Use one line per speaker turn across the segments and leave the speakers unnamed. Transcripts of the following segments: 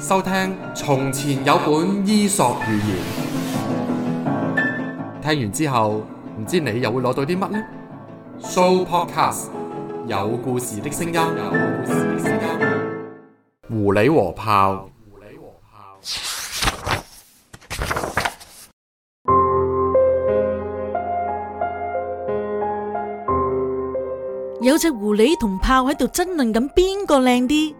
收聽從前有本伊索寓言，聽完之後唔知你又會攞到啲乜呢？《Sooopodcast》有故事的聲音，有故事的聲音。狐狸和豹，狐狸和豹，
有隻狐狸同豹喺度爭論緊邊個靚啲。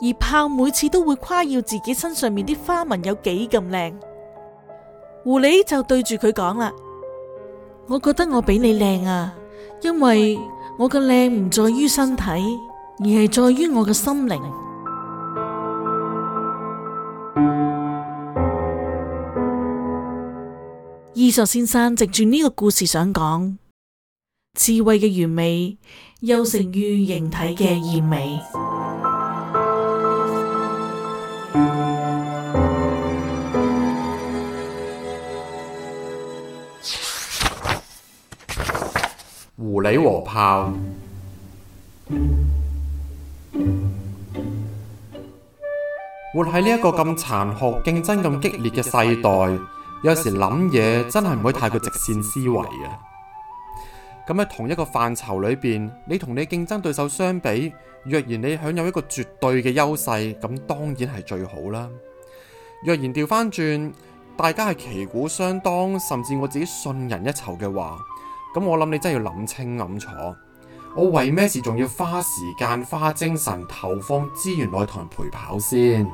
而豹每次都會誇耀自己身上面啲花紋有幾咁靚，狐狸就對住佢講啦：，我覺得我比你靚啊，因為我嘅靚唔在於身體，而係在於我嘅心靈。伊索先生藉住呢個故事想講：智慧嘅完美，又成於形體嘅艷美。
狐狸和豹，活喺呢一個咁殘酷、競爭咁激烈嘅世代，有時諗嘢真係唔可以太過直線思維嘅。咁喺同一個範疇裏邊，你同你競爭對手相比，若然你享有一個絕對嘅優勢，咁當然係最好啦。若然掉返轉，大家係旗鼓相當，甚至我自己遜人一籌嘅話，咁我諗你真係要諗清諗楚，我為咩事仲要花時間花精神投放資源落去同人陪跑先？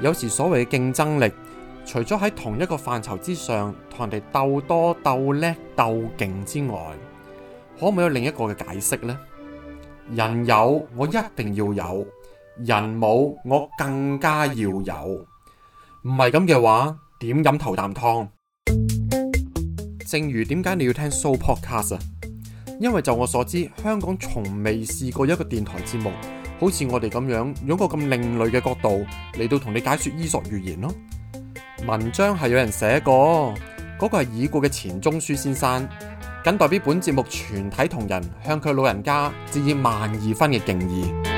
有時所謂嘅競爭力，除咗喺同一個範疇之上同人哋鬥多鬥叻鬥勁之外，可唔可以有另一個嘅解釋呢？人有，我一定要有；人冇，我更加要有。唔係咁嘅話，點飲頭啖湯？正如點解你要聽 Sooopodcast 啊？因為就我所知，香港從未試過一個電台節目，好似我哋咁樣用個咁另類嘅角度嚟到同你解說伊索寓言咯。文章係有人寫過，嗰、那個係已故嘅錢鍾書先生，僅代表本節目全體同仁向佢老人家致以萬二分嘅敬意。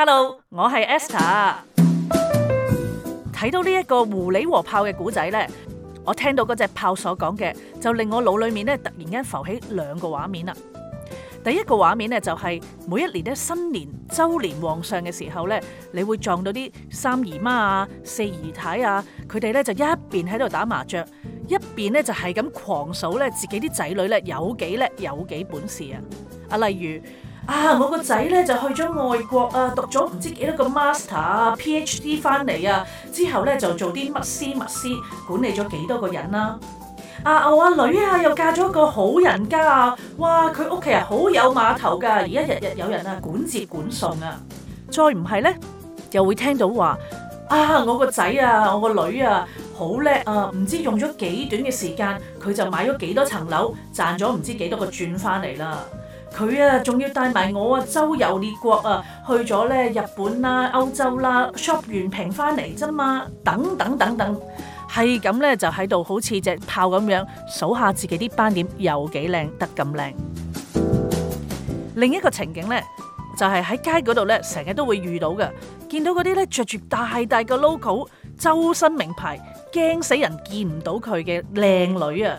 Hello，我係 Esther。睇到呢一個狐狸和豹嘅古仔呢，我聽到嗰隻豹所講嘅，就令我腦裏面呢突然間浮起兩個畫面啦。第一個畫面呢、就係，就係每一年的新年周年皇上嘅時候呢，你會撞到啲三姨媽啊、四姨太啊，佢哋呢就一邊喺度打麻雀，一邊呢就係咁狂數呢自己啲仔女呢有幾叻有幾本事啊，啊例如。啊！我個仔咧就去咗外國啊，讀咗唔知幾多個 master 啊、PhD 翻嚟啊，之後咧就做啲乜師乜師，管理咗幾多個人啦、啊。啊，我阿女啊又嫁咗個好人家啊，哇！佢屋企人好有碼頭㗎，而家日日有人啊管接管送啊。再唔係咧，又會聽到話啊，我個仔啊，我個女啊，好叻啊，唔知用咗幾短嘅時間，佢就買咗幾多層樓，賺咗唔知幾多個轉翻嚟啦。佢啊，仲要帶埋我啊，周遊列國啊，去咗咧日本啦、啊、歐洲啦、啊，shop 完平翻嚟啫嘛，等等等等，係咁咧就喺度好似隻豹咁樣數下自己啲斑點又幾靚得咁靚。另一個情景咧，就係、是、喺街嗰度咧，成日都會遇到嘅，見到嗰啲咧着住大大個 logo、周身名牌，驚死人見唔到佢嘅靚女啊，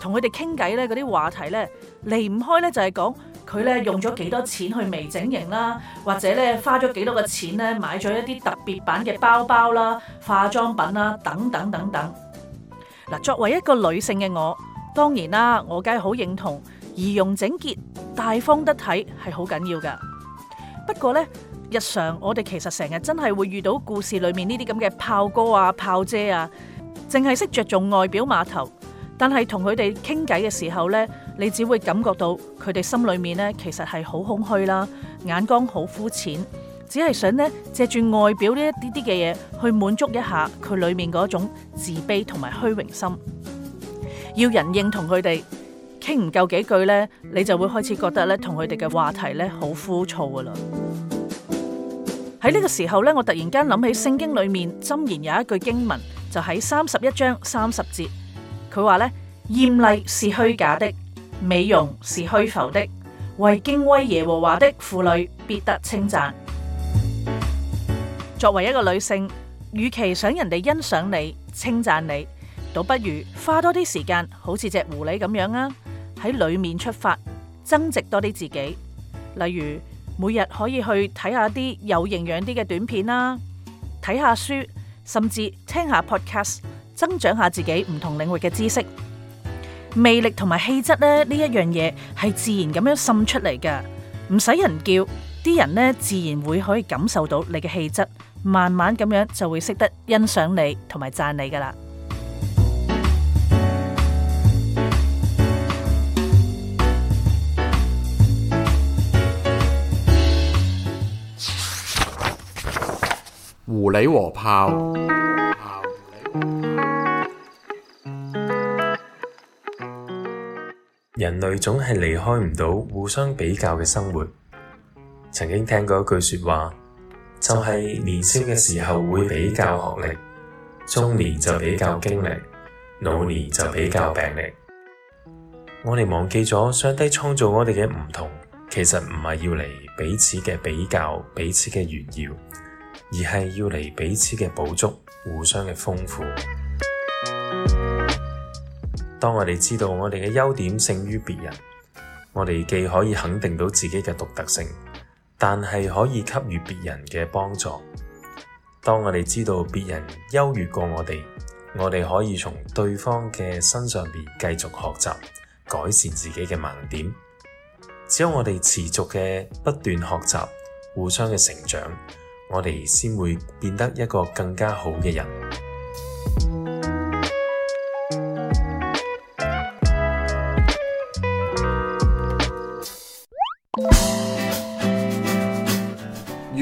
同佢哋傾偈咧，嗰啲話題咧。離唔開咧，就係講佢咧用咗幾多錢去微整形啦，或者咧花咗幾多嘅錢咧買咗一啲特別版嘅包包啦、化妝品啦，等等等等。嗱，作為一個女性嘅我，當然啦，我梗係好認同儀容整潔、大方得體係好緊要噶。不過咧，日常我哋其實成日真係會遇到故事裏面呢啲咁嘅炮哥啊、炮姐啊，淨係識着重外表碼頭，但係同佢哋傾偈嘅時候咧。你只會感覺到佢哋心裏面咧，其實係好空虛啦，眼光好膚淺，只係想咧借住外表呢一啲啲嘅嘢，去滿足一下佢裏面嗰種自卑同埋虛榮心，要人認同佢哋。傾唔夠幾句咧，你就會開始覺得咧，同佢哋嘅話題咧好枯燥噶啦。喺呢 個時候咧，我突然間諗起聖經裏面箴言有一句經文，就喺三十一章三十節，佢話咧艷麗是虛假的。美容是虛浮的，為敬畏耶和華的婦女，必得稱讚。作為一個女性，與其想人哋欣賞你、稱讚你，倒不如花多啲時間，好似隻狐狸咁樣啊，喺裏面出發，增值多啲自己。例如，每日可以去睇下啲有營養啲嘅短片啦，睇下書，甚至聽下 podcast，增長下自己唔同領域嘅知識。魅力同埋氣質咧，呢一樣嘢係自然咁樣滲出嚟噶，唔使人叫，啲人咧自然會可以感受到你嘅氣質，慢慢咁樣就會識得欣賞你同埋讚你噶啦。
狐狸和豹。人類總係離開唔到互相比較嘅生活。曾經聽過一句說話，就係、是、年少嘅時候會比較學歷，中年就比較經歷，老年就比較病歷。 我哋忘記咗上帝創造我哋嘅唔同，其實唔係要嚟彼此嘅比較，彼此嘅炫耀，而係要嚟彼此嘅補足，互相嘅豐富。當我哋知道我哋嘅優點勝於別人，我哋既可以肯定到自己嘅獨特性，但係可以給予別人嘅幫助。當我哋知道別人優越過我哋，我哋可以從對方嘅身上面繼續學習，改善自己嘅盲點。只要我哋持續嘅不斷學習，互相嘅成長，我哋先會變得一個更加好嘅人。